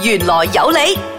玄來有理。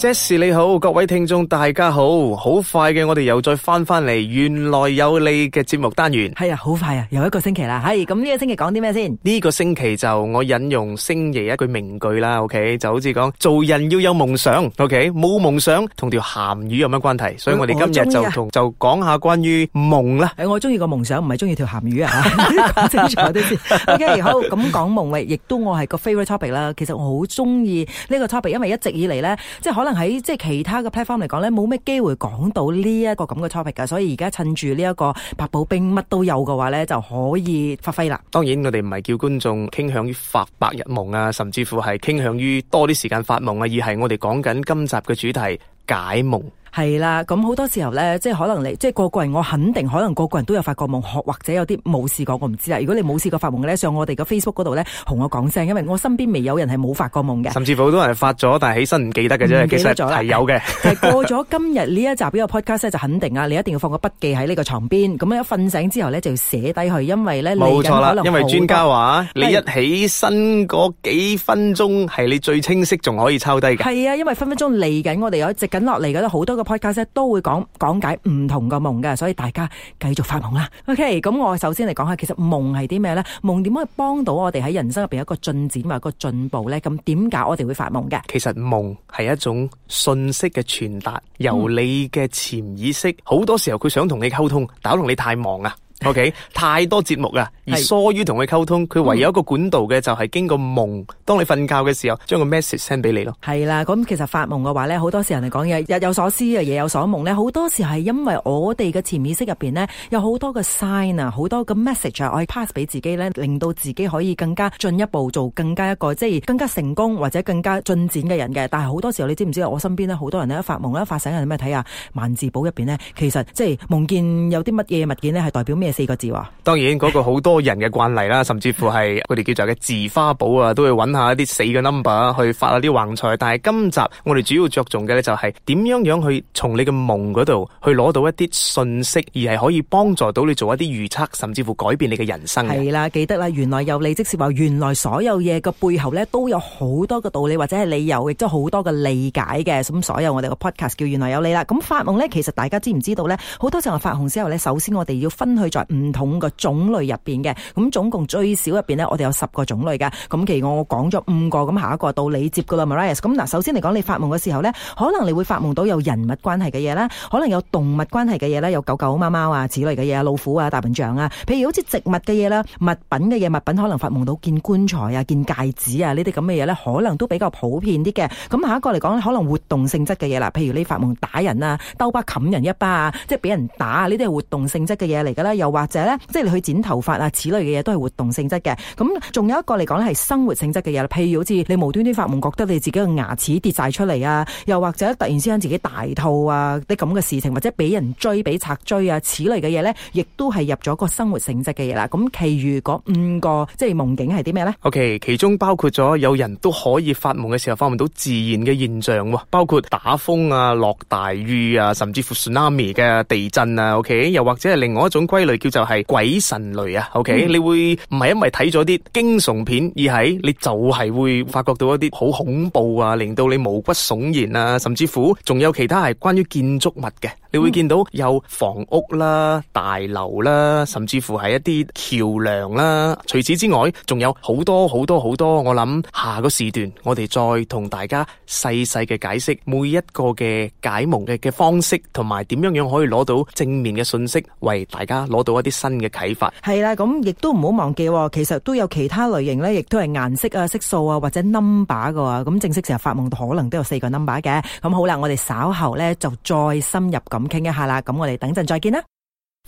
Jesse 你好，各位聽眾大家好，好快嘅，我哋又再翻翻嚟，玄來有理嘅節目單元。係啊，好快啊，又一個星期啦。係咁呢個星期講啲咩先？呢個星期就我引用星爺一句名句啦，OK，就好似講做人要有夢想，OK，冇夢想同條鹹魚有咩關係？所以我哋今日就同就講下關於夢啦。誒，我中意個夢想，唔係中意條鹹魚啊吓，講清楚啲先。OK，好咁講夢喂，亦都我係個 favorite topic 啦。其實我好中意呢個 topic，因為一直以嚟咧，即係可能。喺即係其他嘅 platform 嚟講呢，冇咩機會講到呢一個咁嘅 topic 嘅，所以而家趁住呢一個百寶兵乜都有嘅話呢，就可以發揮啦。當然，我哋唔係叫觀眾傾向於發白日夢啊，甚至乎係傾向於多啲時間發夢啊，而係我哋講緊今集嘅主題解夢。係啦，咁好多時候咧，即係可能你，即係個個人，我肯定可能個個人都有發過夢，或者有啲冇試過，我唔知啦。如果你冇試過發夢咧，上我哋嘅 Facebook 嗰度咧，同我講聲，因為我身邊未有人係冇發過夢嘅。甚至乎好多人發咗，但係起身唔記得嘅啫，唔記得咗啦。其實係有嘅，係過咗今日呢一集呢個 Podcast 就肯定啊，你一定要放個筆記喺呢個床邊，咁樣一瞓醒之後咧就要寫低去，因為咧冇錯啦，因為專家話你一起身嗰幾分鐘係你最清晰，仲可以抄低嘅。係啊，因為分分鐘嚟緊，我哋有直緊落嚟嘅好多。個 podcast 都會講講解唔同個夢嘅，所以大家繼續發夢啦。OK，咁我首先嚟，講下，其實夢係啲咩咧？夢點可以幫到我哋喺人生入邊有一個進展或者一個進步咧？咁點解我哋會發夢嘅？其實夢係一種信息嘅傳達，由你嘅潛意識好、嗯、多時候佢想同你溝通，但係我同你太忙啊。OK，太多節目啊，而疏於同佢溝通，佢是唯有一個管道嘅就係經過夢。當你瞓覺嘅時候，將個 message send 俾你咯。係啦，咁其實發夢嘅話咧，好多時人哋講嘢，日有所思啊，夜有所夢咧，好多時係因為我哋嘅潛意識入邊呢，有好多嘅 sign 啊，好多嘅 message 啊，我 pass 俾自己咧，令到自己可以更加進一步做更加一個即係更加成功或者更加進展嘅人嘅。但係好多時候你知唔知？我身邊咧好多人都一發夢一發醒，係咩睇啊？萬字寶入邊呢，其實即係夢見有啲乜嘢物件呢，係代表咩？四個字、哦、當然嗰、嗰個好多人嘅慣例啦， 甚至乎係佢哋叫做嘅字花寶啊，都會揾下一啲死嘅 number 去發一啲橫財。但係今集我哋主要着重嘅咧，就係點樣樣去從你嘅夢嗰度去攞到一啲信息，而係可以幫助到你做一啲預測，甚至乎改變你嘅人生。係啦，記得啦，玄來有理，即是話原來所有嘢個背後咧，都有好多個道理或者係理由，亦都好多嘅理解嘅。咁所,所有我哋個 podcast 叫玄來有理啦。咁發夢咧，其實大家知唔知道咧？好多時候發夢之後咧，首先我哋要分去唔同個種類入邊嘅，咁總共最少入邊咧，我哋有十個種類嘅。咁其實我講咗五個，咁下一個到你接噶啦，Marie。咁 Mar 嗱，首先嚟講，你發夢嘅時候咧，可能你會發夢到有人物關係嘅嘢啦，可能有動物關係嘅嘢啦，有狗狗、貓貓啊之類嘅嘢，老虎啊、大笨象啊，譬如好似植物嘅嘢啦、物品嘅嘢，物品可能發夢到見棺材啊、見戒指啊呢啲咁嘅嘢咧，可能都比較普遍啲嘅。咁下一個嚟講可能活動性質嘅嘢啦，譬如你發夢打人啊、兜巴冚人一巴啊，即係俾人打啊，呢啲係活動性質嘅嘢嚟噶啦，又。或者咧，即係你去剪頭髮啊，此類嘅嘢都係活動性質嘅。咁仲有一個嚟講咧，係生活性質嘅嘢。譬如好似你無端端發夢，覺得你自己嘅牙齒跌晒出嚟啊，又或者突然之間自己大肚啊，啲咁嘅事情，或者俾人追、俾賊追啊，此類嘅嘢咧，亦都係入咗個生活性質嘅嘢啦。咁其餘嗰五個即係夢境係啲咩咧？O K，其中包括咗有人都可以發夢嘅時候發夢到自然嘅現象，包括打風啊、落大雨啊，甚至乎 tsunami 嘅地震啊。OK，又或者係另外一種歸類。叫就係鬼神類啊，OK？你會唔係因為睇咗啲驚悚片，而係你就係會發覺到一啲好恐怖啊，令到你毛骨悚然啊，甚至乎仲有其他係關於建築物嘅，你會見到有房屋啦、大樓啦，甚至乎係一啲橋樑啦。除此之外，仲有好多好多好多。我諗下個時段，我哋再同大家細細嘅解釋每一個嘅解夢嘅嘅方式，同埋點樣樣可以攞到正面嘅信息，為大家攞到一啲新嘅啟發，係啦，咁亦都唔好忘記，其實都有其他類型咧，亦都係顏色啊、色素啊或者 number 㗎喎，咁正式成日發夢都可能都有四個 number 嘅，咁好啦，我哋稍後咧就再深入咁傾一下啦，咁我哋等陣再見啦。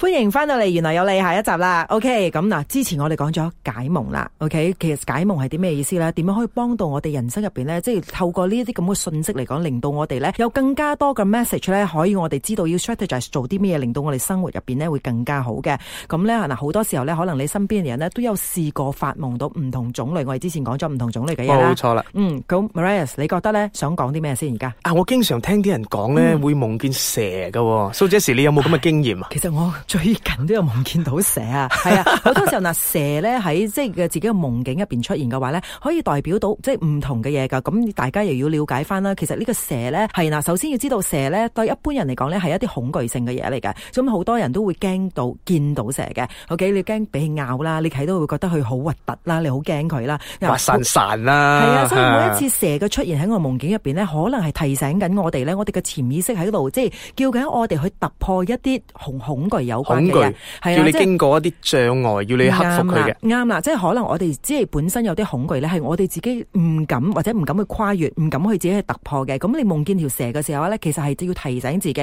歡迎翻到嚟，原來有你下一集啦。OK，咁嗱，之前我哋講咗解夢啦。OK，其實解夢係啲咩意思咧？點樣可以幫到我哋人生入邊咧？即係透過呢一啲咁嘅信息嚟講，令到我哋咧有更加多嘅 message 咧，可以我哋知道要 strategize 做啲咩，令到我哋生活入邊咧會更加好嘅。咁咧嗱，好多時候咧，可能你身邊嘅人咧都有試過發夢到唔同種類。我哋之前講咗唔同種類嘅嘢啦。冇錯啦。嗯，咁 Marius，你覺得咧想講啲咩先？而家啊，我經常聽啲人講咧、嗯、會夢見蛇嘅、哦。蘇姐時，你有冇咁嘅經驗啊？其實我。 最近都有夢見到蛇啊，係啊，好多時候嗱，蛇咧喺即係嘅自己嘅夢境入邊出現嘅話咧，可以代表到即係唔同嘅嘢㗎。咁大家又要了解返啦。其實呢個蛇咧係嗱，首先要知道蛇咧對一般人嚟講咧係一啲恐懼性嘅嘢嚟㗎。咁好多人都會驚到見到蛇嘅。OK，你驚俾佢咬啦，你睇都會覺得佢好核突啦，你、啊、好驚佢啦。發散神啦，係啊，所以每一次蛇嘅出現喺我夢境入邊咧，可能係提醒緊我哋咧，我哋嘅潛意識喺度即係叫緊我哋去突破一啲恐恐懼恐懼，係啊，即係你經過一啲障礙，要你克服佢嘅。啱啦，即係可能我哋即係本身有啲恐懼咧，係我哋自己唔敢或者唔敢去跨越，唔敢去自己去突破嘅。咁你夢見條蛇嘅時候咧，其實係要提醒自己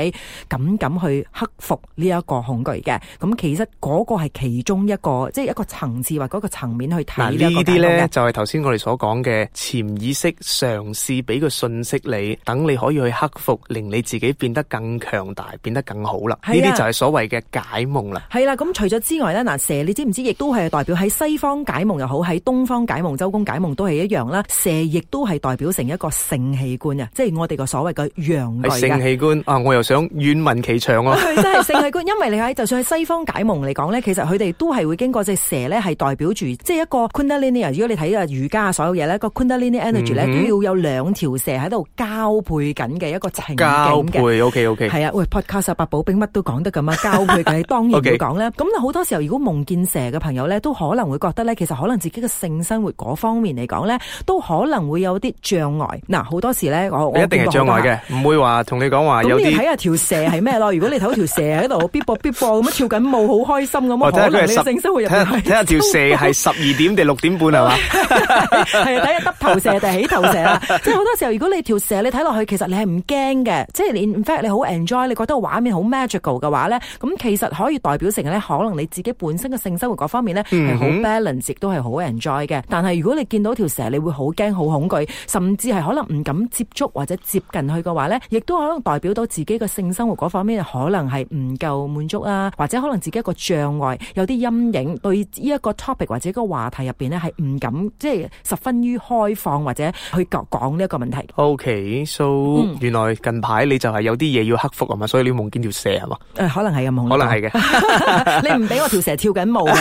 咁咁去克服呢一個恐懼嘅。咁其實嗰個係其中一個，即係一個層次或者嗰個層面去睇呢啲。呢啲咧就係頭先我哋所講嘅潛意識嘗試俾個訊息你，等你可以去克服，令你自己變得更強大，變得更好啦。呢啲就係所謂嘅。解夢啦，係啦、啊，咁、嗯、除咗之外咧，嗱蛇你知唔知？亦都係代表喺西方解夢又好，喺東方解夢，周公解夢都係一樣啦。蛇亦都係代表成一個性器官啊，即係我哋個所謂嘅陽性器官啊，我又想願聞其詳啊！ 真係性器官，因為你解？就算喺西方解夢嚟講咧，其實佢哋都係會經過隻蛇咧，係代表住即係一個 Kundalini 如果你睇啊瑜伽所有嘢咧，個 Kundalini energy 咧、嗯、哼都要有兩條蛇喺度交配緊嘅一個情景。交配，OK OK。係啊，喂，Podcast 八寶冰乜都講得咁啊，交配。 誒，當然要講咧。咁好 Okay. 多時候，如果夢見蛇嘅朋友咧，都可能會覺得咧，其實可能自己嘅性生活嗰方面嚟講咧，都可能會有啲障礙。嗱，好多時咧，我一定係障礙嘅，唔會話同你講話。有你要睇下條蛇係咩咯？ 如果你睇到條蛇喺度逼搏逼搏咁樣跳緊舞，好開心咁樣，可能你嘅性生活入邊，睇下條蛇係十二點定六點半係嘛？係啊， 睇下耷頭蛇定起頭蛇啦。即係好多時候，如果你條蛇你睇落去，其實你係唔驚嘅，即係你 in fact 你好 enjoy，你覺得畫面好 magical 嘅話咧，咁其其實可以代表成咧，可能你自己本身嘅性生活嗰方面咧，係好 balance，亦都係好 enjoy 嘅。但係如果你見到條蛇，你會好驚、好恐懼，甚至係可能唔敢接觸或者接近佢嘅話咧，亦都可能代表到自己嘅性生活嗰方面，可能係唔夠滿足啊，或者可能自己一個障礙，有啲陰影，對呢一個 topic 或者一個話題入邊咧，係唔敢，即係十分於開放或者去講呢一個問題。OK，so、嗯、原來近排你就係有啲嘢要克服啊嘛，所以你夢見條蛇係嘛、呃？可能係嘅夢。係嘅，你唔俾我條蛇跳緊舞嘅，我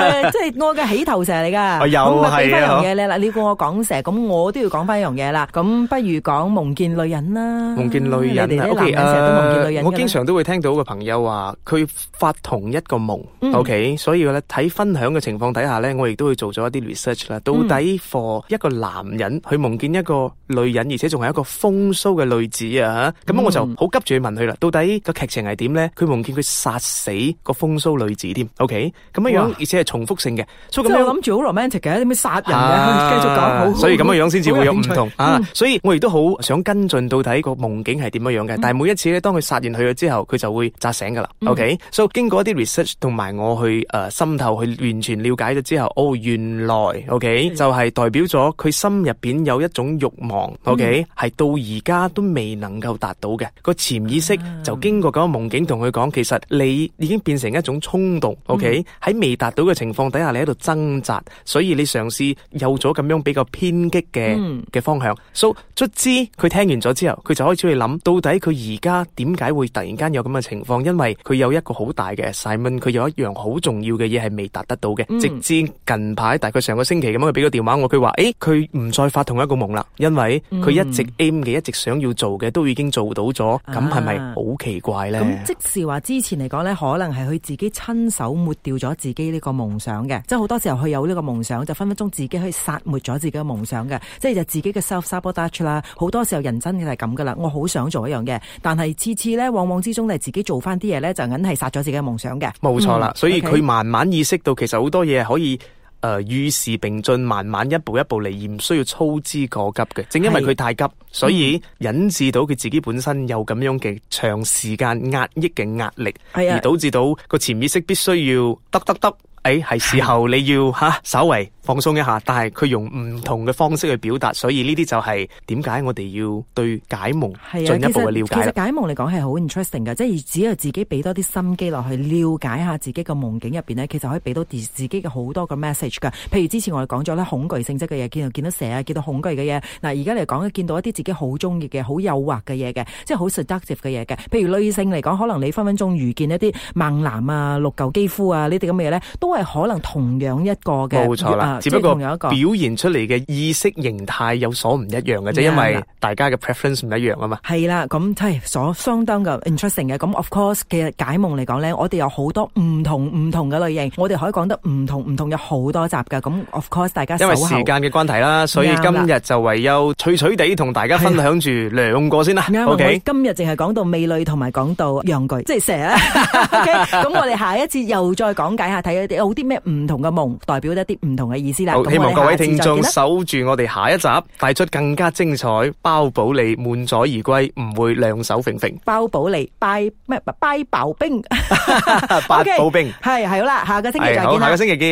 係即係我嘅起頭蛇嚟噶。有係啊。咁啊，講翻樣嘢咧，嗱，你叫我講蛇，咁我都要講翻一樣嘢啦。咁不如講夢見女人啦。夢見女人啊。O K，我經常都會聽到個朋友話，佢發同一個夢。O K，所以咧，喺分享嘅情況底下咧，我亦都會做咗一啲 research 啦。到底，for 一個男人去夢見一個女人，而且仲係一個風騷嘅女子啊吓？咁我就好急住去問佢啦，到底個劇情係點咧？佢夢見佢殺。殺死個風騷女子添，OK，咁樣樣，而且係重複性嘅，我諗住好 romantic 嘅，點樣殺人嘅，繼續講，所以咁樣樣先至會有唔同啊，所以我亦都好想跟進到底個夢境係點樣樣嘅，但係每一次咧，當佢殺完佢咗之後，佢就會扎醒噶啦，OK，所以經過一啲 research 同埋我去誒心頭去完全了解咗之後，哦，原來 OK 就係代表咗佢心入邊有一種欲望，OK 係到而家都未能夠達到嘅個潛意識，就經過嗰個夢境同佢講，其實你。你已經變成一種衝動，OK？喺、嗯、未達到嘅情況底下，你喺度掙扎，所以你嘗試有咗咁樣比較偏激嘅嘅、嗯、方向。So 卒之，佢聽完咗之後，佢就開始去諗，到底佢而家點解會突然間有咁嘅情況？因為佢有一個好大嘅細問，佢有一樣好重要嘅嘢係未達得到嘅。嗯、直至近排，大概上個星期咁樣，佢俾個電話我，佢話：誒、欸，佢唔再發同一個夢啦，因為佢一直 M 嘅，一直想要做嘅都已經做到咗。咁係咪好奇怪呢？啊、即係話之前嚟可能係佢自己親手抹掉咗自己呢個夢想嘅，即係好多時候佢有呢個夢想，就分分鐘自己去殺滅咗自己嘅夢想嘅，即係就自己嘅 self sabotage 啦。好多時候人真嘅係咁噶啦，我好想做一樣嘅，但係次次呢，往往之中呢自己做翻啲嘢呢，就硬係殺咗自己嘅夢想嘅。冇錯啦，嗯 okay. 所以佢慢慢意識到，其實好多嘢可以。誒，與時、呃、並進，慢慢一步一步嚟，而唔需要操之過急嘅。正因為佢太急，的所以引致到佢自己本身有咁樣嘅長時間壓抑嘅壓力，的而導致到個潛意識必須要得得得，誒，係、哎、時候你要吓的稍為。放鬆一下，但係佢用唔同嘅方式去表達，所以呢啲就係點解我哋要對解夢進一步嘅了解、啊其。其實解夢嚟講係好 interesting 噶，即係只要自己俾多啲心機落去了解下自己嘅夢境入邊咧，其實可以俾到自己嘅好多嘅 message 噶。譬如之前我哋講咗咧，恐懼性質嘅嘢，見到見到蛇啊，見到恐懼嘅嘢。嗱而家嚟講，見到一啲自己好中意嘅、好誘惑嘅嘢嘅，即係好 seductive 嘅嘢嘅。譬如女性嚟講，可能你分分鐘遇見一啲猛男啊、六舊肌膚啊呢啲咁嘅嘢咧，都係可能同樣一個嘅。冇錯啦。只不過表現出嚟嘅意識形態有所唔一樣嘅啫，因為大家嘅 preference 唔一樣啊嘛。係啦，咁係所相當嘅 interesting 嘅。咁 of course 嘅解夢嚟講咧，我哋有好多唔同唔同嘅類型，我哋可以講得唔同唔同有好多集噶。咁 of course 大家因為時間嘅關係啦，所以今日就唯有脆脆地同大家分享住兩個先啦。O K 今日淨係講到美女同埋講到陽具，即係蛇啦。咁我哋下一節又再講解下睇一啲有啲咩唔同嘅夢代表一啲唔同嘅。好，希望各位聽眾守住我哋下一集，帶出更加精彩。包保你滿載而歸，唔會兩手揈揈。包保你拜咩？拜刨冰，拜刨冰。係係，好啦，下個星期再見。好，下個星期見。